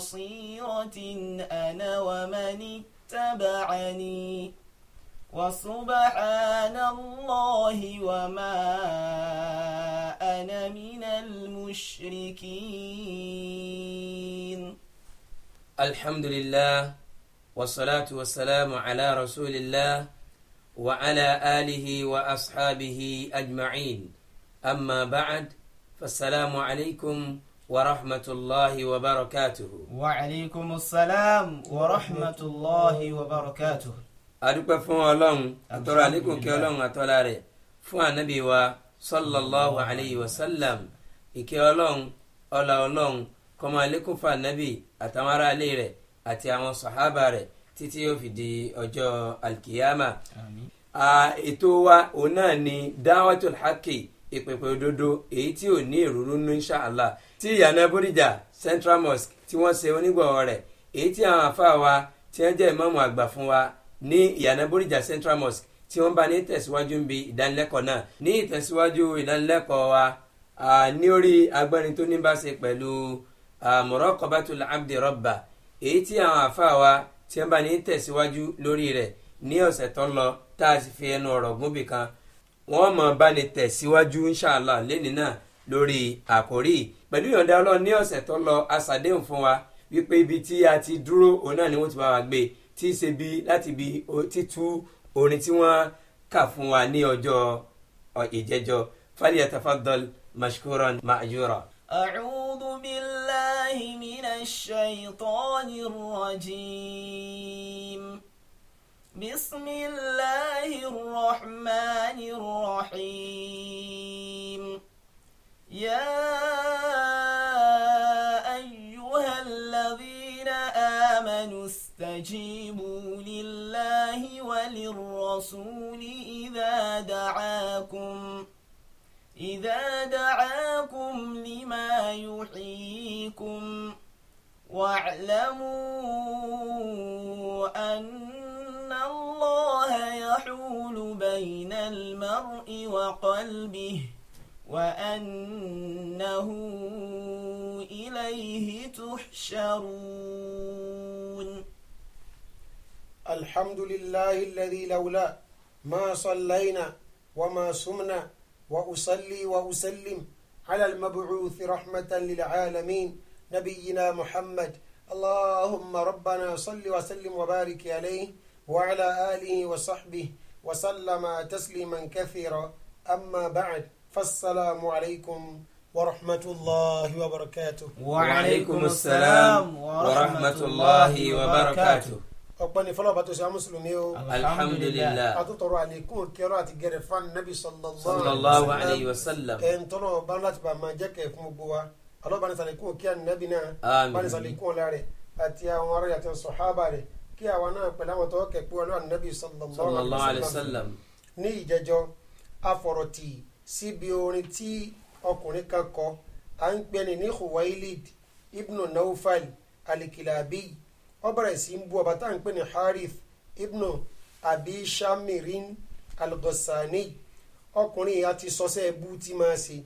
بصيرة أنا ومن اتبعني وسبحان الله وما أنا من المشركين الحمد لله والصلاة والسلام على رسول الله وعلى آله وأصحابه أجمعين أما بعد فالسلام عليكم ورحمة الله وبركاته وعليكم السلام ورحمة الله وبركاته أدوك فون الله أترى عليكم كي الله أترى fún ànábì wa sallallahu alayhi wa sallam ìkẹ́ ọlọ́run ọlá ọlọ́run kọ́mọ alẹ́kùn fún ànábì àtàwọn aráalé rẹ̀ àti àwọn sàhábà rẹ̀ títí yóò fi di ọjọ́ alkiyama. ètò wa òun náà ni dáwàtul haqi ìpínpín òdodo èyí tí ò ní ìrúrú nínú inṣàlá tí ìyànà bódìjà central mosque tí wọ́n ṣe onígbọ̀wọ́ rẹ̀ èyí tí àwọn àfáà wa tí wọ́n jẹ́ ìmáàmù àgbà fún wa ní ìyànà bódìjà central mosque tí wọ́n bá ní ìtẹ̀síwájú ń bi ìdánilẹ́kọ̀ọ́ náà ní ìtẹ̀síwájú ìdánilẹ́kọ̀ọ́ wa ní orí agbẹ́rin tó ní bá ṣe pẹ̀lú muraqabatul abdi rabba èyí tí àwọn àfáà wa tí wọ́n bá ní ìtẹ̀síwájú lórí rẹ̀ ní ọ̀sẹ̀ tó lọ tá a sì fi ẹnu ọ̀rọ̀ gúnbì kan wọ́n mọ̀ bá ní tẹ̀síwájú inṣàlá náà lórí àkórí pẹ̀lú ìyọ̀ǹda ọlọ́run ní ọ̀sẹ̀ tó lọ aṣàdéhùn fún wa wípé ibi tí a ti dúró òun náà ni wọ́n ti bá wa gbé tí í ṣe bí láti bí títú orin tí wọ́n kà fún wa ní ọjọ́ ìjẹ́jọ́ falyatafaddal mashkuran ma'jura. أعوذ بالله من الشيطان الرجيم بسم الله الرحمن الرحيم يا أيها الذين آمنوا استجيبوا لله وللرسول إذا دعاكم إذا دعاكم لما يحييكم واعلموا بين المرء وقلبه وأنه إليه تحشرون الحمد لله الذي لولا ما صلينا وما صمنا وأصلي وأسلم على المبعوث رحمة للعالمين نبينا محمد اللهم ربنا صل وسلم وبارك عليه وعلى آله وصحبه وسلم تسليما كثيرا أما بعد فالسلام عليكم ورحمة الله وبركاته وعليكم السلام ورحمة الله وبركاته ọgbọ́ni fọlọ́ba tó ṣe amúsùlùmí o alhamdulilayi àtúntọ̀rọ̀ àlékún kẹrọ àti gẹrẹ fún anabi sallallahu alayhi wa sallam ẹ̀ ń tọ́nà ọba láti bá máa jẹ́ kẹ́ fún gbogbo wa alọ́ba ní sàlékún kí anabi náà bá ní sàlékún ọ̀la àti àwọn ará yàtọ̀ sọ̀hábà rẹ̀ kí àwa náà pẹ̀lú àwọn tó kẹ̀kú ọlọ́run nẹ́bí sallallahu alaihi wasallam ní ìjẹjọ́ afọ̀rọ̀tì síbi orin tí ọkùnrin kan kọ à ń pẹ́ni ní Khuwailid ibnu Naufal alikilabi ó bẹ̀rẹ̀ sí ń bú ọba tá à ń pè Harith ibnu abi algosani ọkùnrin àti sọsẹ́ ẹbú tí máa ṣe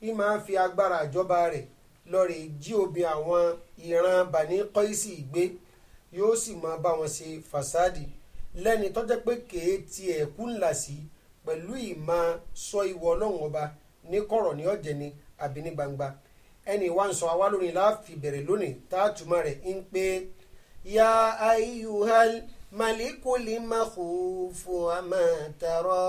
í máa fi agbára àjọba rẹ̀ lọ́ọ̀rẹ́ jí obì àwọn ìran bani kọ́ìsì gbé yóò sì máa bá wọn ṣe fàsáàdì lẹ́ni tọ́jẹ́ pé kèé tiẹ̀ kú ńlá sí pẹ̀lú ìmá sọ ìwọ ọlọ́run ọba ní kọ̀rọ̀ ní ọ̀jẹ̀ ni àbí ní gbangba ẹni wá ń sọ àwa lónìí láàfin bẹ̀rẹ̀ lónìí tá rẹ̀ ń pé ya ayyuhal malikul makhuf ama tara.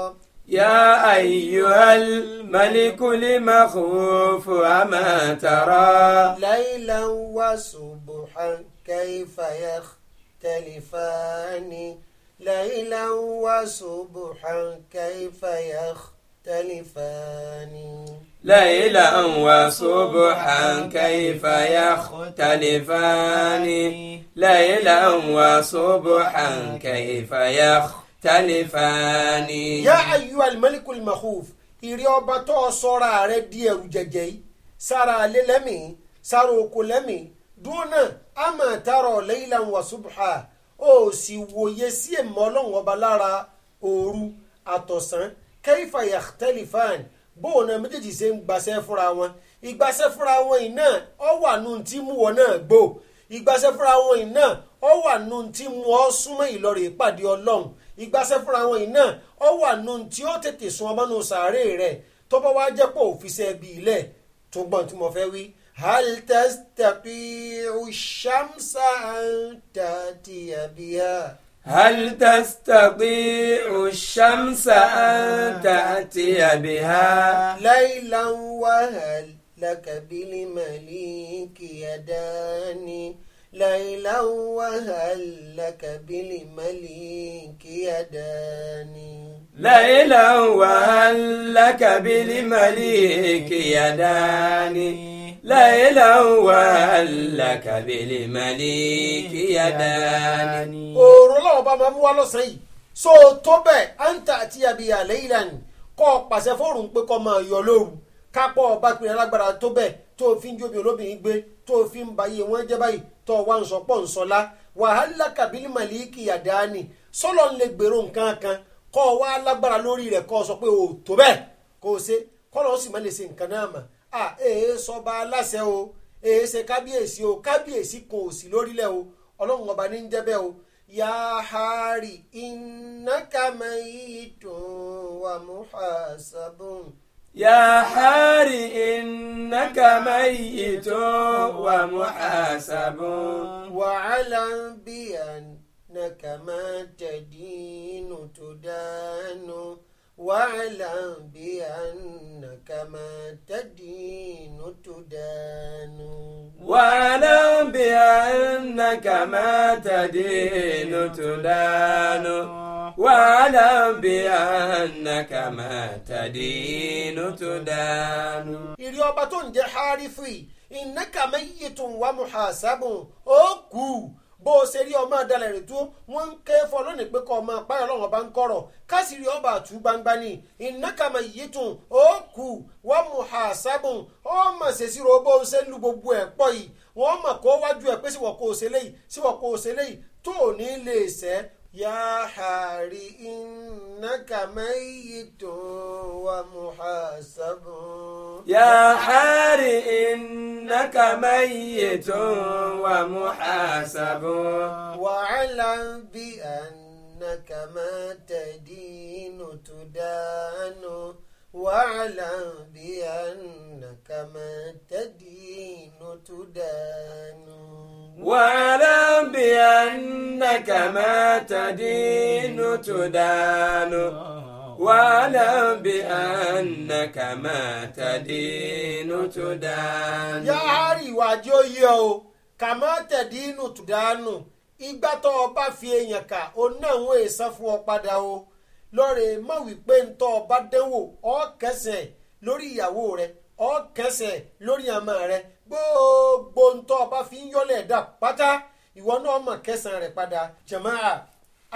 يا أيها الملك لمخوف أما ترى ليلا كيف يختلفان ليلا وصبحا كيف يختلفان ليلا وصبحا كيف يختلفان ليلا وصبحا كيف يختلفان يا أيها الملك المخوف إريوبا ọba ردي o سارا للمي سارو ẹrù jẹjẹ ama taro laylan wa subha ó si wòye sí èmọ́ ọlọ́run ọba lára òru àtọ̀sán kayfa yakhtalifan bóun náà méjèèjì ṣe ń gbaṣẹ́ fúnra wọn ìgbaṣẹ́ fúnra wọn yìí náà ọ wà nù tí mú wọn náà gbò ìgbaṣẹ́ fúnra wọn yìí náà ọ wà nù tí mú ọ súnmọ́ ìlọrin ìpàdé ọlọ́run ìgbaṣẹ́ fúnra wọn yìí náà ọ wà nù tí ó tètè sun ọmọ nù sàárè rẹ̀ tọ́bọ̀ wá jẹ́ pọ̀ òfìsẹ́ bíi ilẹ̀ tó gbọ́n tí mo fẹ́ wí. هل تستطيع الشمس أن تأتي بها هل تستطيع الشمس أن تأتي بها ليلا وهل لك بالمليك يدان ليلا وهل لك بالمليك يدان ليلا وهل لك بالمليك يدان ليلا ولك بالملك يداني òòrùn ọlọ́run bá máa mú توبة lọ́sàn-án بيا so tó bẹ́ẹ̀ anta àti abiya leylan kọ́ pàṣẹ fóòrùn pé kọ́ máa yọ lóru kápọ̀ ọba pinnu alágbára tó bẹ́ẹ̀ tó fi ń jóbi olóbìnrin gbé tó fi ń ba iye wọn jẹ́ báyìí tó wá ń sọpọ̀ ń sọlá wàhálà kàbílì màlíkì yàdáni sọ́lọ́ ń lè gbèrò nǹkan kan kọ́ wá lágbára lórí rẹ̀ kọ́ sọ pé ò tó bẹ́ẹ̀ kó o ṣe kọ́ lọ́ọ́ sì má lè ṣe nǹkan náà mà à èé sọba aláṣẹ o èé ṣe kábíyèsí o kábíyèsí kò sí lórílẹ̀ o ọlọ́run ọba ní ń jẹ́ bẹ́ẹ̀ o Yahari hari innaka wa muhasabun. Yahari hari innaka wa muhasabun. wa ala biyan naka ma tadinu tudanu. واعلم بأنك ما تدين تدان واعلم بأنك ما تدين تدان واعلم بأنك ما تدين تدان ìrì ọba tó ń jẹ́ harifi ìnákàmẹ́yìtùn bó o ṣe rí ọmọ àdàlẹ̀ rẹ̀ tó wọ́n ń ké fọ́ lónìí pé kọ́ ọmọ apáyọ̀ lọ́wọ́ bá ń kọ̀rọ̀ ọba àtú gbangba ni ìnákàmà yìí tún ó kù wọ́n mú ha sábùn ó mọ̀ ṣe sí ro bó o ṣe ń lu gbogbo ẹ̀ pọ̀ yìí wọ́n mọ̀ kó wájú ẹ̀ pé síwọ̀ kó o ṣe léyìí síwọ̀ إنك ميت ومحاسب يا حار إنك ميت ومحاسب واعلم بأنك ما تدين تدان واعلم بأنك ما تدين تدان واعلم بأنك ما تدين تدان واعلم بأنك ما تدين تدان يا عاري واجو يو كما تدين تدان ìgbà tó o bá fi èèyàn kà ó náà ń èèsàn fún ọ padà o lọ́rẹ̀ má wípé ń tọ́ ọ bá dẹ́wò ọ kẹsẹ̀ lórí ìyàwó rẹ ọ kẹsẹ̀ lórí àmọ́ rẹ gbóò ń tọ́ ọba fi ń yọ́lẹ̀ dà pátá ìwọ náà mọ̀ kẹsàn-án rẹ̀ padà jẹ̀máà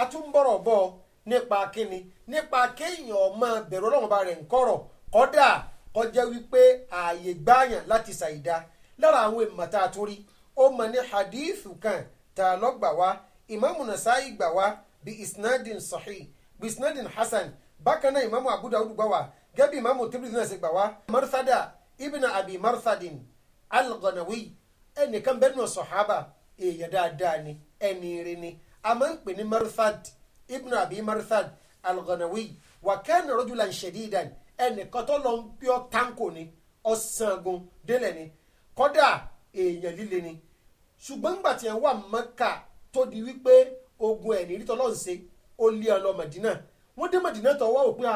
a tún ń bọ̀rọ̀ bọ̀ nípa kíni nípa kéèyàn ọmọ bẹ̀rù ọlọ́run ọba rẹ̀ ń kọ̀rọ̀ kọ́dà kọjá wípé ààyè gbáàyàn láti ṣàìdá lára àwọn ìmọ̀ta àtúrí ó mọ̀ ní hadithu kan tá a lọ gbà wá ìmáàmù Nasa'i gbà wá bí isnadin sahih bí isnadin hasan bákan náà ìmáàmù Abu Dawud wá gẹ́bí ìmáàmù Tirmidhi ṣe gbà wá marsada ibn abi marsadin al ẹnìkan bẹ́ẹ̀ náà sọ̀hábà èèyàn dáadáa ni ẹni rí ni a máa ń pè ní marthad ibn abi marthad alghanawi wakana rajulan shadidan ẹnìkan tó lọ ń gbé ọ táǹkò ni ọ̀sángun délẹ̀ ni kọ́dà èèyàn líle ni ṣùgbọ́n gbà tí wọ́n wà mọ́kà tó di wípé ogun ẹ̀ nírìtọ́ lọ́n ṣe ó lé ọ lọ mọ̀dínà wọ́n dé mọ̀dínà tó wá òpin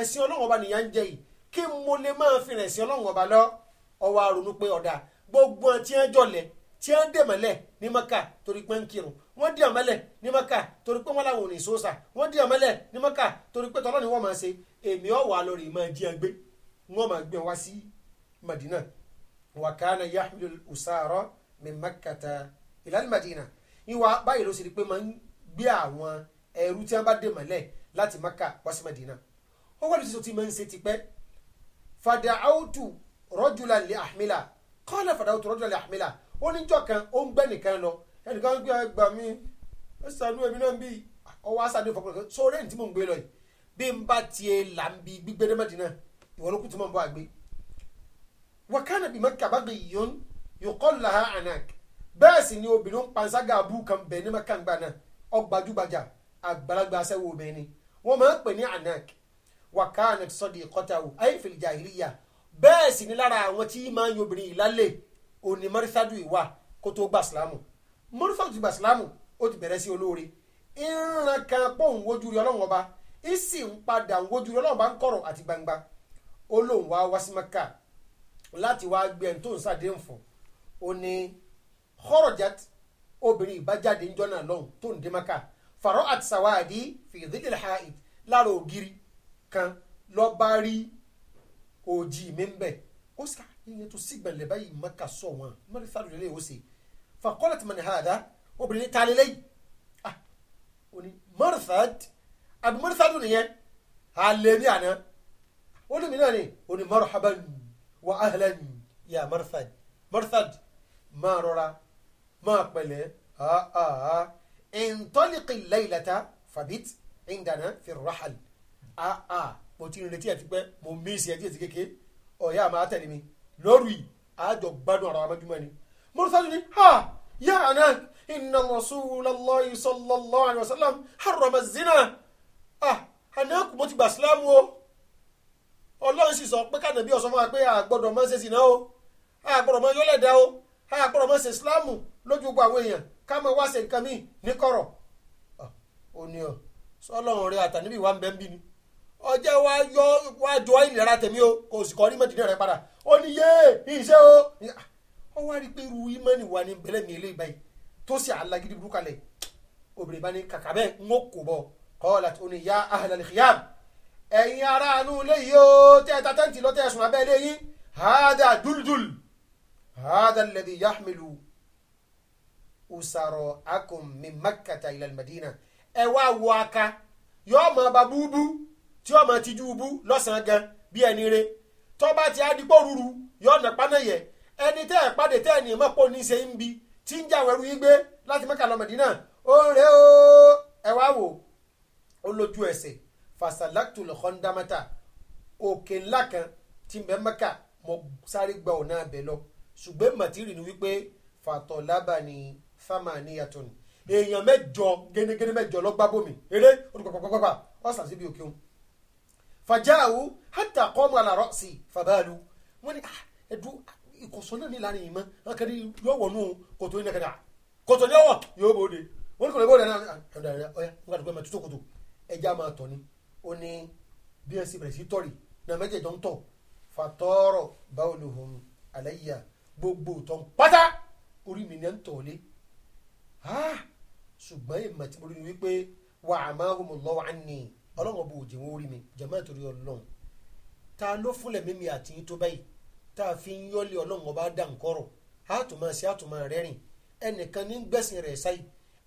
ẹ̀sìn ọlọ́run nìyà ń jẹ yìí kí mo lè máa fi rẹ̀ sí lọ ọwọ́ àrùn pé ọ̀dà gbogbo àwọn tí wọ́n jọlẹ̀ tí wọ́n dè mọ́lẹ̀ ní maka torí pé ń kírun wọ́n dì àmọ́lẹ̀ ní maka torí pé wọ́n làwọn ò ní sóòsà wọ́n dì àmọ́lẹ̀ ní maka torí pé tọ́lọ́ ni wọ́n máa ṣe èmi ọ̀wà lórí máa jí agbé wọ́n máa gbé wá sí madina wakana yahmilu usara min makata ilal madina ìwà báyìí ló ṣe di pé máa ń gbé àwọn ẹrú tí wọ́n bá dè mọ́lẹ̀ láti maka wá sí madina ó wà lóṣìṣẹ́ tí máa ń ṣe tipẹ́ fàdà áwùtù rajulan li ahmila kọ́lá fàdáwùtò rọ́jò lè àmìlà ó níjọ́ kan ó ń gbẹ́ nìkan lọ ẹnìkan gbé ẹgbà mi ó sànú ẹ̀mí náà bí ọwọ́ aṣáájú ìfọkùnrin sọ rẹ́ǹtì tí mò ń gbé lọ yìí bí n bá tiẹ̀ là ń bi gbígbé dẹ́mẹ̀dì náà ìwọ ló kù tí mò ń bọ́ àgbé. wakana bí mẹ́kà bá gbé yìnyín yòókọ́ làhá anak bẹ́ẹ̀ sì ni obìnrin panṣágà abú kan bẹ̀ ní mẹ́kà ńgbà náà ọgbàjúgbajà àgbàlagbà aṣẹ́wó obìnrin wọ́n máa ń pè ní anak wakana sọ́dí bẹ́ẹ̀ sì ni lára àwọn tí máa ń yobìnrin ìlálẹ̀ òní mọ́rífádù ìwà kó tó gbà sílámù mọ́rífádù ti gbà sílámù ó ti bẹ̀rẹ̀ sí olóore ìran kan pọ̀ ń wojú rí ọlọ́run ọba ìsì ń padà ń wojú rí ọlọ́run gbangba ó lóun wá wá sí maka láti wá gbé ẹni tó ń fọ ní kharajat obìnrin ìbájáde ńjọ́ náà lọ́hùn tó ń dé fàrọ́ kan òjì mi ń bẹ ó tó sì le bayi má sọ wọn mọ́rí fáwọn le ó se fa qalat man hada o ada obinrin ta le leyin ah o ni morifad abi morifadu ní marhaban wa ahlan ya marfad marfad ma rọra ma pẹ̀lẹ́ ha ah ah intaliqi laylata fabit indana fi rahal ah ah. mo ti ń retí ẹ̀ tipẹ́ mo mísì ẹ̀ díẹ̀ sí kéke ọ̀yá máa tẹ̀lé mi lórí yìí àjọ gbádùn ara mo ni mọ́tòsájú ni ha yá àná inna rasulallahi sallallahu alaihi wasallam harrama zina ah àná kù mo ti gbà sílámù o ọlọ́run sì sọ pé kànábí ọ̀sán fún wa pé àgbọ̀dọ̀ máa ń ṣe zina o àgbọ̀dọ̀ máa ń yọ́lẹ̀dá o àgbọ̀dọ̀ máa ń ṣe sílámù lójú gbogbo àwọn èèyàn ká máa wá ṣe nǹkan míì ní kọ̀rọ̀ ah, ó ní ọ sọlọ́run rẹ àtàníbí wa ń bẹ́ ń bí ni ọjọ́ wa yọ wá jọ ìlera tèmi o kò sì kọ́ ní mẹ́tìrì rẹ padà ó ní yé ìṣe o ah. ó wá rí i pé irú ìmọ̀ni wà ní bẹ́lẹ̀ mi eléyìí báyìí tó sì alágídí burúkú alẹ̀ obìnrin bá ní kàkà bẹ́ẹ̀ ń ó kò bọ̀ kọ́ọ̀lá tó ní ya ahlal khiyam ẹ̀yin ará àánú léyìí o tẹ́ ẹ ta tẹ́ǹtì lọ́tẹ́ ẹ̀sùn abẹ́ léyìn hada duldul hada alladhi yahmilu usaro akum min makkata ila madina ẹ wá wọ aka yọ ọmọ ọba búbú tí ó máa tijú bú lọ́sàn-án gan bí ẹni re tó bá ti adigbó ruru yóò nà paná yẹ ẹni tẹ́ ẹ̀ pàdé tẹ́ ẹ̀ ní mọ̀ pò ní ṣe ń bi tí ń jàwé ru yín gbé láti Mẹ́kà lọ Mẹ̀dínà ó ń rè ó ẹ wá wò ó lójú ẹsẹ̀ fasalaktu lọ́kọ́ndámẹ́ta òkè ńlá kan tí ń bẹ mo sáré gba ọ̀nà abẹ lọ ṣùgbọ́n màtírì ni wípé fatọ́lábà ni fámà níyàtọ̀ ni èèyàn mẹ́jọ gẹ́gẹ́ mẹ́jọ lọ́gbàbọ̀mì eré olùkọ́pọ̀pọ̀pọ̀ ọ̀sán síbi òkè òun fàjáàwó hàtà kọ́mù àlàrọ́ sí fàbáàlú wọ́n ní ah, ẹ̀dú ìkọ̀sọ́ náà ní ìlànà ìmọ̀ wọn kẹ́ni yóò wọ̀nú kòtò yìí nàkàdà ah, kòtò ní ọwọ́ yóò bòde wọ́n ní kòtò bòde náà ah, ọ̀dà rẹ̀ ọ̀yà nígbà tó gbẹ́ mẹ́tútù kòtò ẹja máa tọ̀ ni ó ní bí ẹ̀sìn bẹ̀rẹ̀ sí tọ̀rì náà mẹ́jẹ̀jọ ń tọ̀ fàtọ́rọ̀ báwòlùhùn àlẹ́yà gbogbo tán pátá orí mi ní ń tọ̀lé ṣùgbọ́n ìmọ̀ tí mo rí ni wípé wàhámáhùn lọ́wọ́ á nìyí ọlọ́run bò jẹ́ wọn ó rí mi jẹ̀mọ́ ìtòrí ọlọ́run ta ló fúnlẹ̀ mímí àti yín tó báyìí tá a fi ń yọ́lé ọlọ́run ọba dànkọ́rọ̀ àtùmọ̀ sí àtùmọ̀ rẹ́rìn ẹnìkan ní gbẹ̀sìn rẹ̀ sáyì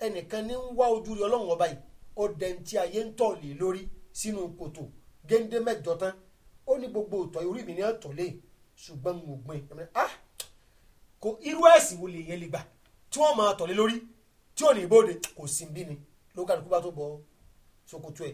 ẹnìkan ní wá ojú rí ọlọ́run ọba yìí ó dẹ̀ntì ayé ń tọ̀ lé lórí sínú kòtò géńdé mẹ́jọ tán ó ní gbogbo òtọ̀ orí mi ní ọ̀tọ̀ lé ṣùgbọ́n mo gbìn ah kò irú ẹ̀sìn wo lè yẹn lè gbà tí wọ́n máa tọ̀ lé lórí tí ò ní ẹ̀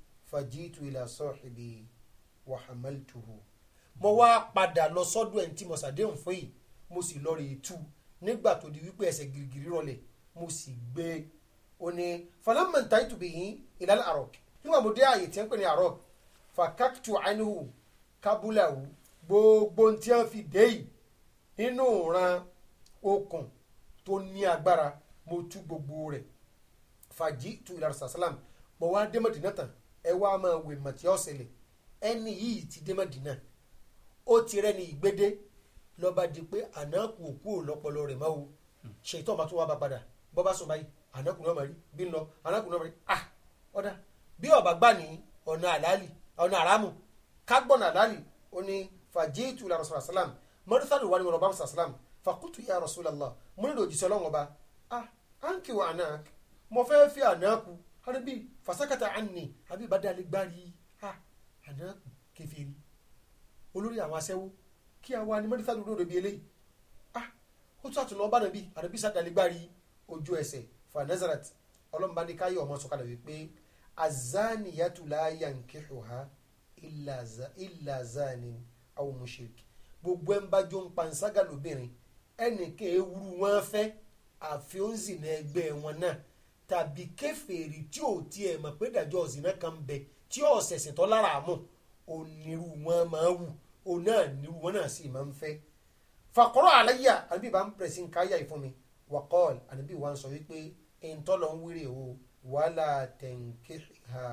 fajitu ila sahibi wa hamaltuhu mo hmm. wá padà lọ sọ́dọ̀ ẹni tí mo ṣàdéhùn fún yìí mo sì lọ rèé tú nígbà tó di wípé ẹsẹ̀ girigiri rọlẹ̀ mo sì gbé e ó ní falamantaitu bihi ila al-araq nígbà mo dé ààyè tí wọ́n pè ní araq fakaktu anhu kábúláwù gbogbo tí wọ́n fi dé yìí nínú ìran okùn tó ní agbára mo tú gbogbo rẹ̀ fàjì ìlànà sàlám mo wá dé Mádínà tán ẹ wá máa wè mọ̀ tí ẹni yìí ti dé Mádínà ó ti ni ìgbédé lọ́ba di pé ànákù òkú ò lọ́pọlọ rẹ̀ máa wo ṣètò ọba tó wá bá padà bọ́ bá sọ báyìí ànákù náà máa rí bí ń lọ ànákù náà máa rí ah ọ̀dà bí ọba gbà ní ọ̀nà àlálì ọ̀nà àrámù kágbọ̀nà àlálì ó ní fàjíìtù la rasulullah salam mọ́rítàlù wà ní mọ̀rọ̀ bàmùsà salam fàkútù ya rasulullah mo nílò òjìṣẹ́ ọlọ́run ọba ah àǹkì wà ànáàkì mo fẹ́ fi hanabi fasakata anni abi badali gbari ha àná kẹfìrí olórí àwọn aṣẹ́wó kí àwa ni mẹ́rìndínlá lórí òde bíi eléyìí ah ó tún àtúnlọ ọba nàbí àdàbí sàdàlí gbárí ojú ẹsẹ̀ fanazarat ọlọ́mọba ní káyọ̀ ọmọ sọ̀kalẹ̀ wípé azaniyatu la yankihuha illa zanin aw mushrik gbogbo ẹ̀ ń bájọ́ ń panṣágà lóbìnrin ẹnì kẹ́ẹ̀ wúru wọn fẹ́ àfi ó ń ẹgbẹ́ wọn náà tàbí kèfèrí tí ò tiẹ̀ mọ̀ pé dàjọ́ ọ̀sìnà kan bẹ tí ọ̀sẹ̀sìn tọ́ lára àmọ́ onírú wọn máa wù òun náà nírú wọn náà sì máa ń fẹ́. fàkọ́rọ̀ àlàyé àbí bá ń pẹ̀sì ń káyà ìfún mi wakọ́ọ̀l àbí wa ń sọ wípé ìntọ́lọ̀ ń wéré o wàhálà tẹ̀ǹkì ha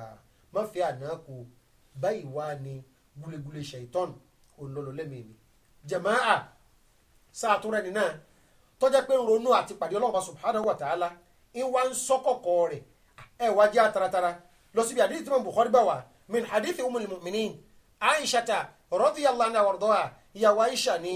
má fi àná kú báyìí wá ní gúlegúle ṣèitán olólò lẹ́mìí jamaa sáà náà tọ́jà pé ronú àti pàdé ọlọ́ọ̀bá subhanahu wa ta'ala ìwà ń sọ kọ̀kọ̀ rẹ̀ ah, ẹ wá jẹ́ àtàràtàrà lọ síbi àdìsí tí mo Bukhari bá wà min hadithi umul mu'minin aisha ta radiyallahu anha wardoha ìyàwó aisha ni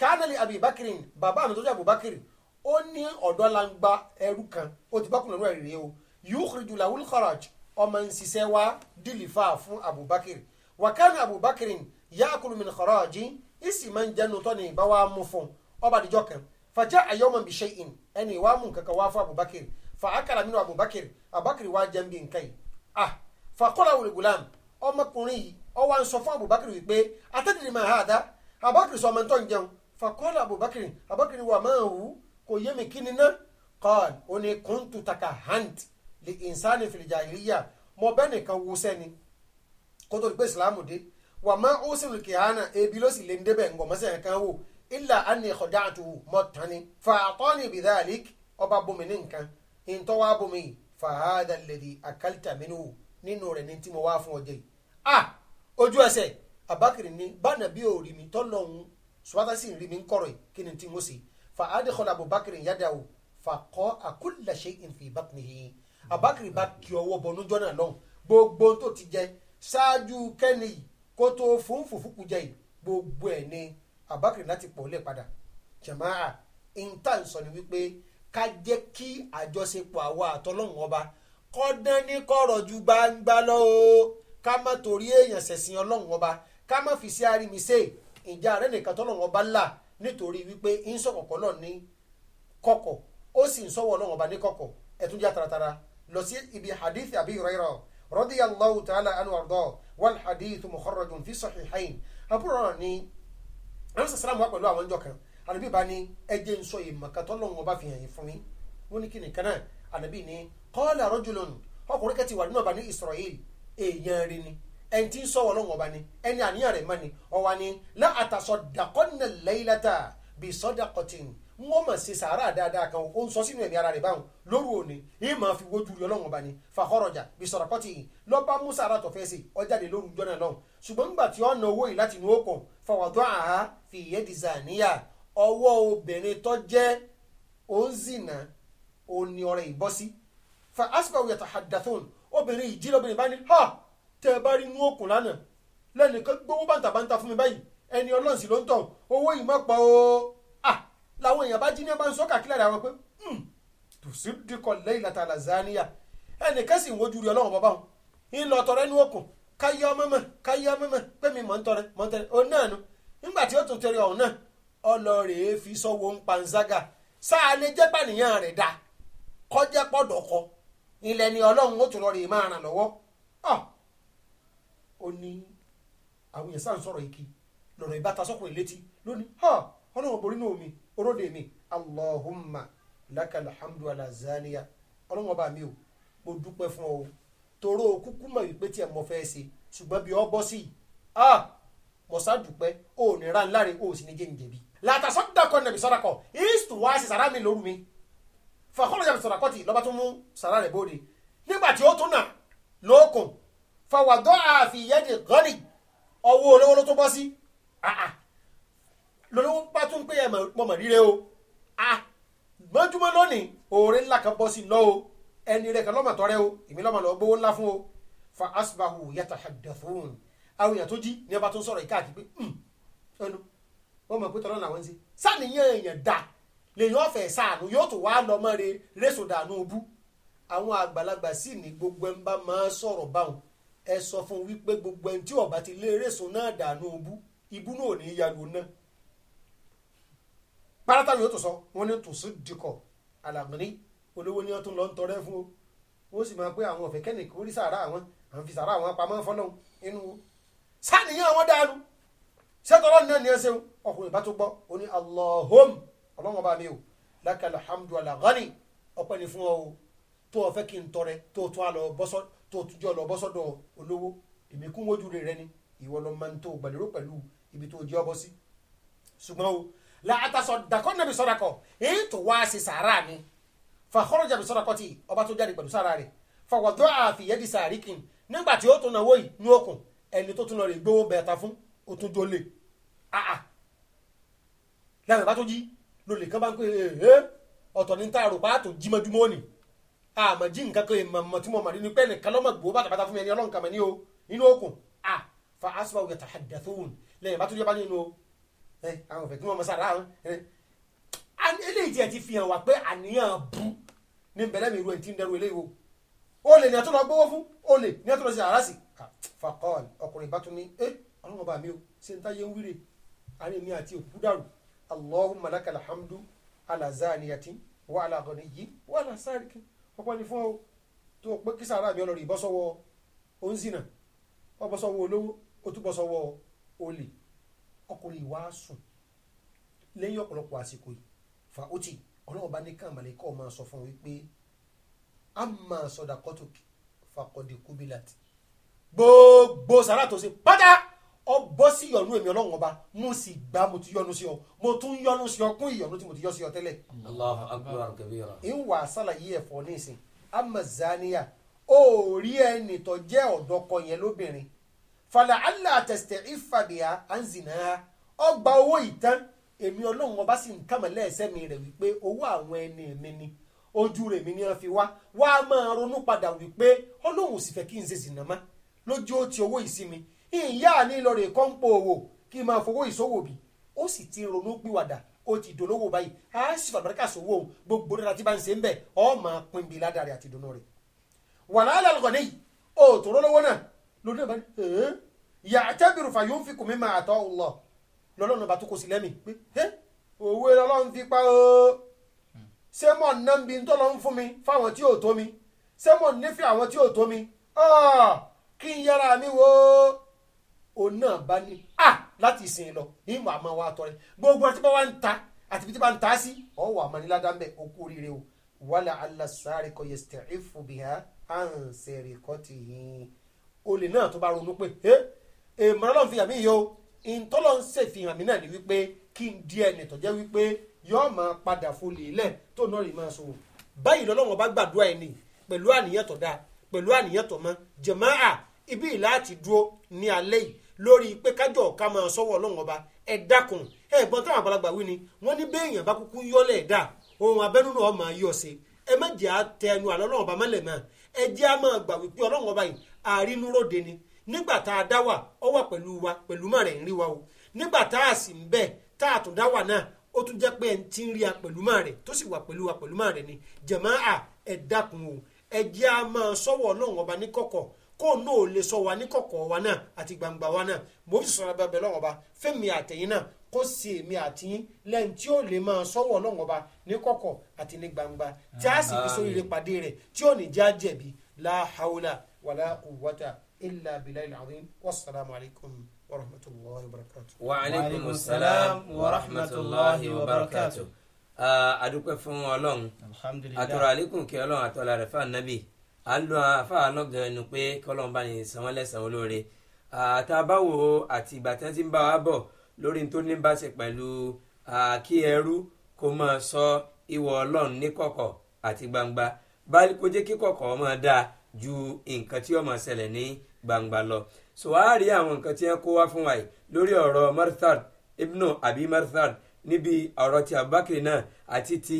kánàlì abibakirin bàbá mi tó jẹ́ abubakiri ó ní ọ̀dọ́ langba ẹrú kan ó ti bákùn lọ́rùn ẹ̀rí o yukhriju lahul kharaj ọmọ ń ṣiṣẹ́ wá dìlìfà fún abubakiri wakana abubakirin yaakulu min kharaji ìsì máa ń jẹnu tọ́ ni ìbáwá mú fún ọba àdìjọ kan فجاء يوما بشيء أني وام ككواف أبو بكر فأكل منه أبو بكر أبو بكر واجن بين كي أه فقال الغلام ọmọkùnrin ọwọ́ à ń sọ fún abubakar wípé atẹ́tìrì máa hàdá abubakar sọ ọmọ tó ń jẹun fakọ́lá abubakar abubakar wà máa wù kò yé mi kí ni ná kọ́ọ̀n ó ní kóńtù taka hand lè ìnsáni fìlìjà ìlíyà mọ bẹ́ẹ̀ nìkan wú sẹ́ni kó tó di pé ìsìlámù dé wà máa ó ebi ló sì lè ń débẹ̀ ńgọ̀mọ́sẹ̀ kan wò ilà àni ìkọ̀dá àtúwò mọ̀ tán ni fàtọ́ ni bidhalik ọba bomi ní nǹkan ìntọ́ wa bomi yìí fàhádà lèdi àkàlìtà mínú nínú rẹ̀ ní tí mo wá fún ọjọ́ yìí. a ojú ẹsẹ̀ abakiri ni bánà bí òòrì mi tọ́lọ̀ ń sùwátà sí rí mi ń kọ̀rọ̀ yìí kí ni tí mo sì fàhádà kọ́lá abubakiri yàdà o fàkọ́ àkúlà ṣe ìfì ìbákùnrin abakiri bá kí ọwọ́ bọnú jọ́nà lọ́hùn gbogbo tó ti jẹ ṣáájú kẹ́ni kó fún fùfúkú jẹ gbogbo ẹ̀ ni abakiri láti pọ̀ lè padà jẹ̀máà intan sọ ni wípé ká jẹ́ kí àjọṣepọ̀ àwa àtọ́lọ́hún ọba kọ́dán ní kọ̀rọ̀ ju gbangba lọ o ká má torí èèyàn ṣẹ̀sìn ọlọ́hún ọba ká má fi sí arimise ìjà rẹ̀ nìkan tọ́lọ́hún ọba là nítorí wípé ń sọ ní kọ̀kọ̀ ó sì ń sọ̀wọ́ ọlọ́hún ọba ní kọ̀kọ̀ ẹ̀tún já taratara lọ sí ibi hadith àbí ìrọ̀rọ̀ radiyallahu ta'ala anhu arda wal hadith mukharrajun fi sahihayn àbúrò náà àwọn sàsàràmù wa pẹ̀lú àwọn ìjọ kan àdàbí bá ní ẹjẹ ń sọ ìmọ̀ kan tọ́lọ́ wọn bá fi hàn yín fún mi wọ́n ní kí nìkan náà àdàbí ní kọ́ọ̀lù àrọ́jùlọ́nù ọkùnrin kẹ́tì wà nínú ọba ní Israel èèyàn rí ni ẹni tí ń sọ wọlọ́wọ́ ọba ni ẹni àníyàn rẹ̀ mọ́ ni ọwa ni láàtàsọ̀dàkọ́nà lẹ́yìnlẹ́ta bíi sọ́dàkọ́tìn n ó mọ̀ ṣe sàárà dáadáa kan ó ń sọ sínú ẹ̀mí ara rẹ̀ báwọn lóru òní yìí máa fi wojú rí ọlọ́run ọba ni fàkọ́rọ̀jà bí sọ̀rọ̀ kọ́tì yìí lọ́ bá mú sàárà tọ̀fẹ́ sí ọjàde lóru jọ́nà náà ṣùgbọ́n nígbà tí ó na owó yìí láti inú ó pọ̀ fàwọ̀dọ́ àhá fi ìyẹ́ di zàníyà obìnrin tó jẹ́ onzina òní ọ̀rẹ́ ìbọ́sí fa asibawo yàtọ̀ hadathon obìnrin ìjì lóbìnrin bá ní ha tẹ́ ẹ bá rí inú òkun lánàá lẹ́nìkan gbowó bàǹtàbàǹtà fún mi báyìí ń tọ̀ owó yìí má pa o èèyàn bá jí ní ẹ máa ń sọ kàkí lára pé hmm, tòsí dikọ lẹ́yìn lata lazania ẹnìkan sì ń wojú rí ọlọ́run bàbá wọn ń lọ tọrẹ ní òkun káyé ọmọ mọ káyé ọmọ mọ pé mi mọ̀ ń tọrẹ mọ̀ ń tọrẹ òun náà nu nígbà tí ó tún tẹrẹ ọ̀hún náà ọlọ́ọ̀rẹ́ fi sọ́wọ́ ń panṣágà sáà lè jẹ́ pàníyàn rẹ̀ dáa kọjá pọ̀dọ̀kọ ilẹ̀ ni ọlọ́run ó tún lọ máa ràn lọ́wọ́ ó ní àwọn èèyàn sáà ń sọ̀rọ̀ ìkí lọ̀rọ̀ ìbátasọ́kùnrin létí lónìí ọlọ́run borí náà mi oróde mi allahumma lakal hamdu ala zaniya ọlọ́run ọba mi o mo dúpẹ́ fún ọ o toró kúkú mọ̀ wípé tí ẹ mọ̀ fẹ́ ṣe ṣùgbọ́n bí ọ bọ́ sí i ah mọ̀sá dúpẹ́ o ò ní ra ńlá rẹ o ò sì ní jẹ́ ǹjẹ̀bi làtàsọ́ dàkọ́ nàbì sọ́dàkọ́ east wá sí sàrà mi lóru mi fàkọ́lọ́ yàtọ̀ sọ̀rọ̀kọ́ tì lọ́ba tó mú sàrà rẹ̀ bóde nígbà tí ó tún nà lóòkùn fàwàdọ́ àfìyẹ́dì gọ́nì ọwọ́ olówó ló tó bọ́ sí lọ́lọ́wọ́ bá tún pé ẹ̀ mọ̀ o ah mọ́júmọ́ lónìí oore ńlá kan bọ́ sí o ẹni rẹ kan lọ gbowó ńlá fún o fa asbahu yatahaddathun àwọn èèyàn tó jí ní ọba tó ń sọ̀rọ̀ ìkáàkiri pé hmm, ẹnu mọ̀ pé ń ṣe èèyàn dà lèyìn ọ̀fẹ́ sàánú yóò tún wá lọ mọ́ re dànù àwọn àgbàlagbà sì ní gbogbo pátá yóò tó sọ wọn ní tòsí dikọ alàgbẹ̀ni olówó ni wọn tún lọ ń tọrẹ fún o wọn sì máa pé àwọn ọ̀fẹ́ kẹ́nìkì orí sàárà àwọn àwọn fi sàárà àwọn pamọ́ fọlọ́hún inú wọn sàníyàn àwọn dáadu sẹ́tọ̀rọ̀ náà ni ẹ ṣeun ọkùnrin bá tó gbọ́ ó ní Allahum ọlọ́wọ́n bá mi o lakal hamdu alàgbẹ̀ni ọpẹ́ ni fún ọ o tó o fẹ́ kí n tọrẹ tó o tún àlọ́ bọ́sọ́ tó o tún jẹ́ ọlọ́ bọ́sọ́dọ̀ olówó èmi kún wójú rẹ ni ìwọ lọ máa ń tó gbàlérò pẹ̀lú ibi tó jẹ́ ọ bọ́ sí ṣùgbọ́n o la àtàsọ̀dàkọ́ nàbí sọ̀dàkọ́ èyí tó wá sí sàárà mi fàkọ́rọ̀jà bí sọ̀dàkọ́ ti ọba tó jáde pẹ̀lú sàárà rẹ̀ fọwọ́dọ́ àfìyẹ́dì sàríkìn nígbà tí ó tún náwó yìí ní to ẹni na tún lọ rè gbowó bẹ̀ẹ̀ta fún ó tún jólè àà lẹ́yìn bá tó jí lólè kan bá ń pè é ọ̀tọ̀ ní tá a rò pa á tó jí mọ́júmọ́ ni àmọ́ jí nǹkan kan èèmọ̀ tí mo mọ̀ nínú pé nìkan lọ́mọ gbowó bàtàbàtà fún mi ẹni ọlọ́run kàmẹ́ ní o nínú okùn à fa asfaw yatahaddithun lẹ́yìn bá tó jí bá nínú o Eh, àwọn òfin tí wọ́n mọ sára àwọn eh, eléyìí tí ẹ ti fi hàn wá pé àníyàn bú ní bẹ̀rẹ̀ mi ru ẹni tí ń dẹrù eléyìí wo olè ní ẹtọ́ lọ gbówó fún olè ní ẹtọ́ lọ sí àrásì fakọ́ọ̀l ọkùnrin bá tún ní ẹ eh, ọlọ́run ọba mi o ṣe ń táyé ń wíre àárín mi àti òkú dàrú allahumma laka alhamdu ala wa ala ghaniyi wa ala ọpọ ni fún ọ tó pé kí sàrà mi ọlọrin bọ́ sọ́wọ́ onzina ọ bọ́ olówó ó tún olè ọkùnrin ìwà sùn lẹ́yìn ọ̀pọ̀lọpọ̀ àsìkò yìí fa oti ọlọ́run bá ní kàmàlẹ́ kọ́ máa sọ fún un wípé a máa sọdà kọ́tòkì fakọ́dé kúbílàtì gbogbo sàrà tó ṣe pátá ọ bọ́ sí ìyọnu èmi ọlọ́run ọba mo sì gbà mo ti yọnu sí ọ mo tún yọnu sí ọ kún ìyọnu tí mo ti yọ sí ọ tẹ́lẹ̀. ìwà sàlàyé ẹ̀fọ́ nísìn amazania ó rí ẹnì tó jẹ́ ọ̀dọ́kọ yẹn lóbìnrin fàlàálà àtẹ̀sẹ̀ ìfàbíà àǹzìnà ọgbà owó ìtàn èmi ọlọ́run ọba sì ń kàmọ́lẹ̀ ẹ̀sẹ̀ mi rẹ̀ wípé owó àwọn ẹni mi ni ojú rẹ̀ mi ni wọ́n fi wá wá máa ronú padà wípé ọlọ́run sì fẹ́ kí n ṣe zìnà mọ́ lójú ó ti owó ìsinmi ìyá àní lọ rè kọ́ńpó owó kí n máa fowó ìṣòwò bì ó sì ti ronú ti gbogbo bá ń ṣe ń bẹ̀ ọ́ máa pin bí àti dunu lónìí bá eh, ní ya'tabiru fa yunfiqu mimma atahu Allah lọ́lọ́run bá tó kó sí lẹ́mìí pé òwe lọ́lọ́run fi pa o eh. ṣé mọ̀ ná ń bi ń tọ́lọ́ ń fún mi fáwọn tí ò tó mi ṣé mọ̀ nífẹ̀ẹ́ àwọn tí ò tó mi ah, kí n yára mi wo òun náà bá ní à ah! láti ìsìn lọ ìmọ̀ àmọ́ wa tọrẹ gbogbo àti bá wa ń ta àti bí tí bá ń ta sí ọwọ́ àmọ́ níládàá mbẹ́ okú oríire o wàlà alásàárẹ̀ yẹ olè náà tó bá ronú pé èèmọ̀ ọlọ́run fi hàn mí yìí o ìtọ́lọ́ ń ṣèfihàn mí náà ni wípé kí n di ẹni tó jẹ́ wípé yọ́ọ́ máa padà folè lẹ̀ tó náà rí máa sòwò báyìí lọ́lọ́run bá gbàdúrà ẹni pẹ̀lú àníyàn tó dáa pẹ̀lú àníyàn tó mọ́ jàmáà ibi láti dúró ní alẹ́ yìí lórí pé kájọ ká máa sọ́wọ́ ọlọ́run ọba ẹ dákun ẹ̀gbọ́n táwọn àgbàlagbà wí ni wọ́n ní béèyàn bá kúkú yọ́lẹ̀ dà ohun abẹ́nú náà máa yọ̀ sí ẹ má jẹ́ àtẹnu àlọ́ ọlọ́run ọba mọ́lẹ̀ mọ́ ẹ jẹ́ á máa wípé ọlọ́run ọba yìí àrínúròde ni nígbà tá a dá wà ọ wà pẹ̀lú wa pẹ̀lú mọ̀rẹ̀ ń rí wa o nígbà tá a sì ń bẹ̀ tá a tún dá wà náà ó tún jẹ́ pé ẹ̀ ti ń rí a pẹ̀lú mọ̀rẹ̀ tó sì wà pẹ̀lú wa pẹ̀lú mọ̀rẹ̀ ni jẹ̀mọ́ à ẹ̀ dákun o ẹ jẹ́ a máa sọ́wọ́ ọlọ́run ọba níkọ̀kọ̀ kó náà ò lè sọ wa níkọ̀kọ̀ wa náà àti gbangba wa náà mo fi sọ̀rọ̀ abẹ́bẹ́ lọ́wọ́ ọba fẹ́mi àtẹ̀yìn náà kó sì èmi àti yín lẹ́yìn tí ó lè máa sọ́wọ́ ọlọ́run ọba níkọ̀kọ̀ àti ní gbangba tí a sì fi sórí rẹ̀ rẹ̀ tí ò ní já jẹ̀bi láhàólà ولا قوة إلا بالله عظيم والسلام عليكم ورحمة الله وبركاته وعليكم السلام ورحمة الله وبركاته adúpẹ́ fún ọlọ́run àtọ̀rọ̀ àlékún kí ọlọ́run àtọ̀là rẹ̀ fún ànábì à ń lo àfáà lọ́gàn ẹnu pé kọ́lọ́run bá ní sanwó lẹ́sàn-án olóore àtàbáwò àti ìgbà tí wọ́n ti ń bá wa bọ̀ lórí tó ní bá ṣe pẹ̀lú kí ẹrú kó máa sọ ìwọ ọlọ́run ní kọ̀kọ̀ àti gbangba báyìí kó jẹ́ kí kọ̀kọ̀ máa dáa ju nǹkan tí ó máa ṣẹlẹ̀ ní gbangba lọ so a rí àwọn nǹkan tí wọ́n kó wá fún wa yìí lórí ọ̀rọ̀ marthad ibnu abi marthad níbi ọ̀rọ̀ ti abubakar náà àti ti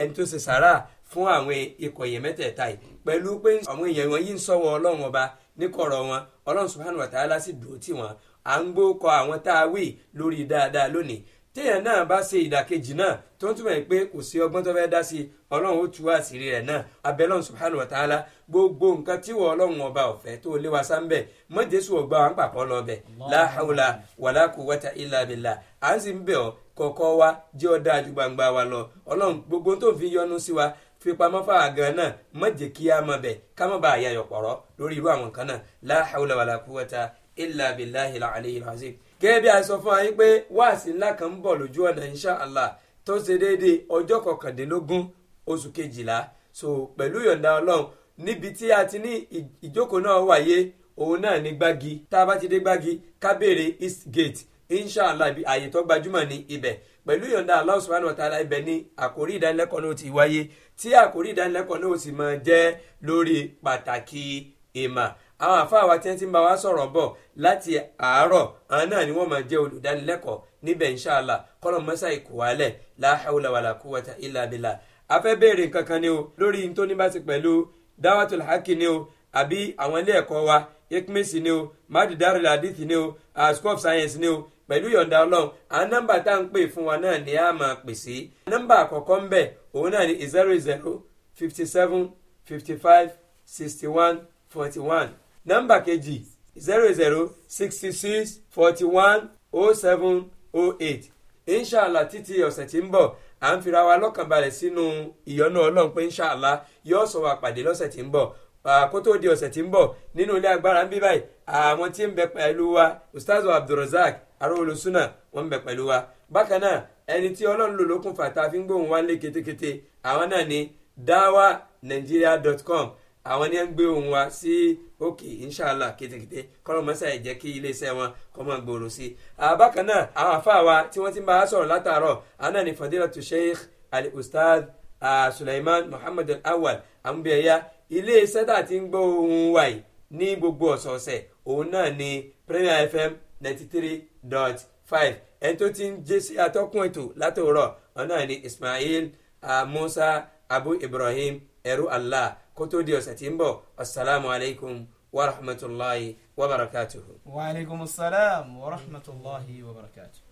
ẹni tó ṣe sàrà fún àwọn ikọ̀ yẹn mẹ́tẹ̀ẹ̀ta yìí pẹ̀lú pé àwọn èèyàn wọn yìí ń sọ̀wọ́ ọlọ́run ọba níkọ̀rọ̀ wọn ọlọ́run subhanahu wa ta'ala sì dúró tì wọ́n à ń gbókọ àwọn tá a wí lórí dáadáa lónìí téèyàn náà bá ṣe ìdàkejì náà tó ń túmọ̀ pé kò sí ọgbọ́n tó fẹ́ dá sí ọlọ́run ó tú àṣírí rẹ̀ náà abẹ́lọ́run subhanahu wa ta'ala gbogbo nǹkan tí wọ́n ọlọ́run ọba ọ̀fẹ́ tó lé wa sáńbẹ̀ mọ́ jésù ọgbà wa ń pàpọ̀ lọ bẹ̀ la hawla wala quwwata illa billah à ń sì ń bẹ̀ ọ́ kọ̀ọ̀kọ́ wa jẹ́ ọ́ dáa ju gbangba wa lọ ọlọ́run gbogbo tó fi yọ́nú sí wa fipamọ́ fáwọn àgàn náà mọ́ jẹ́ kí á mọ̀ bẹ̀ ká mọ̀ bá àyà yọ̀pọ̀rọ̀ lórí irú àwọn kan náà la hawla wala quwwata illa billahi al gẹ́gẹ́ bí a sọ fún wa yín pé wáàsí ńlá kan ń bọ̀ lójú ọ̀nà insha allah tó ṣe déédéé ọjọ́ kọkàndínlógún oṣù kejìlá so pẹ̀lú yọ̀ǹda ọlọ́run níbi tí a ti ní ìjókòó náà wáyé òun náà ní gbági tá a bá ti dé gbági ká béèrè east gate insha allah ibi àyè tó gbajúmọ̀ ní ibẹ̀ pẹ̀lú yọ̀ǹda Allah subhanahu wa ta'ala ibẹ̀ ni àkórí ìdánilẹ́kọ̀ọ́ náà ti wáyé tí àkórí ìdánilẹ́kọ̀ọ́ náà sì máa jẹ́ lórí pàtàkì ìmọ̀ àwọn àfáà wa tí wọ́n ti ń bá wa sọ̀rọ̀ bọ̀ láti àárọ̀ àwọn náà ni wọ́n máa jẹ́ olùdánilẹ́kọ̀ọ́ níbẹ̀ inṣàlá kọ́lọ̀ mọ́sá ìkó wálẹ̀ la hawla wala quwwata illa billah afẹ́ béèrè nǹkan kan ni o lórí n tó ní bá ti pẹ̀lú dáwàtul haki ni o àbí àwọn ilé ẹ̀kọ́ wa ekmesi ni o madudaril adithi ni o school of ni o pẹ̀lú yọ̀ǹda ọlọ́run à ni zero zero fifty seven fifty five sixty one forty one nọ́mbà kejì zero zero sixty six forty one oh seven oh eight inshallah títí ọ̀sẹ̀ tí ń bọ̀ à ń fira wa lọ́kàn sínú ìyọ́nú ọlọ́run pé inshallah yóò sọ wa pàdé lọ́sẹ̀ tí ń bọ̀ àkótó di ọ̀sẹ̀ tí ń bọ̀ nínú ilé agbára ń bí báyìí àwọn tí ń bẹ pẹ̀lú wa ustaz abdulrasaq arólosúnà wọ́n ń bẹ pẹ̀lú wa bákan náà ẹni tí ọlọ́run lò lókun fàtà fi ń gbóhùn wá lé ketekete àwọn náà ni dawa nigeria dot com àwọn ni ń gbé ohun wa sí òkè inshàlá kétékété kọ́lọ́mọ́sá ẹ̀ jẹ́ kí iléeṣẹ́ wọn kọ́ mọ́ gbòòrò sí i. àbákan náà àwọn àfáà wa tí wọ́n ti ń bá a sọ̀rọ̀ látàárọ̀ àná ni fadilatu sheikh al-ustad suleiman muhammad al-awwal amúbíyẹyà iléeṣẹ́ tá a ti ń gbọ́ ohun wa yìí ní gbogbo ọ̀sọ̀ọ̀sẹ̀ òun náà ni premier fm ninety three dot five ẹni tó ti ń jẹ́ sí atọ́kùn ètò látòrọ̀ ọ̀nà ni ismail musa abu ibrahim ẹrú allah kó tó di ọ̀sẹ̀ tí ń bọ̀ asalaamu alaykum wa rahmatulahi wa barakatuhu. wa aleykum salaam wa rahmatulahi wa barakatuhu.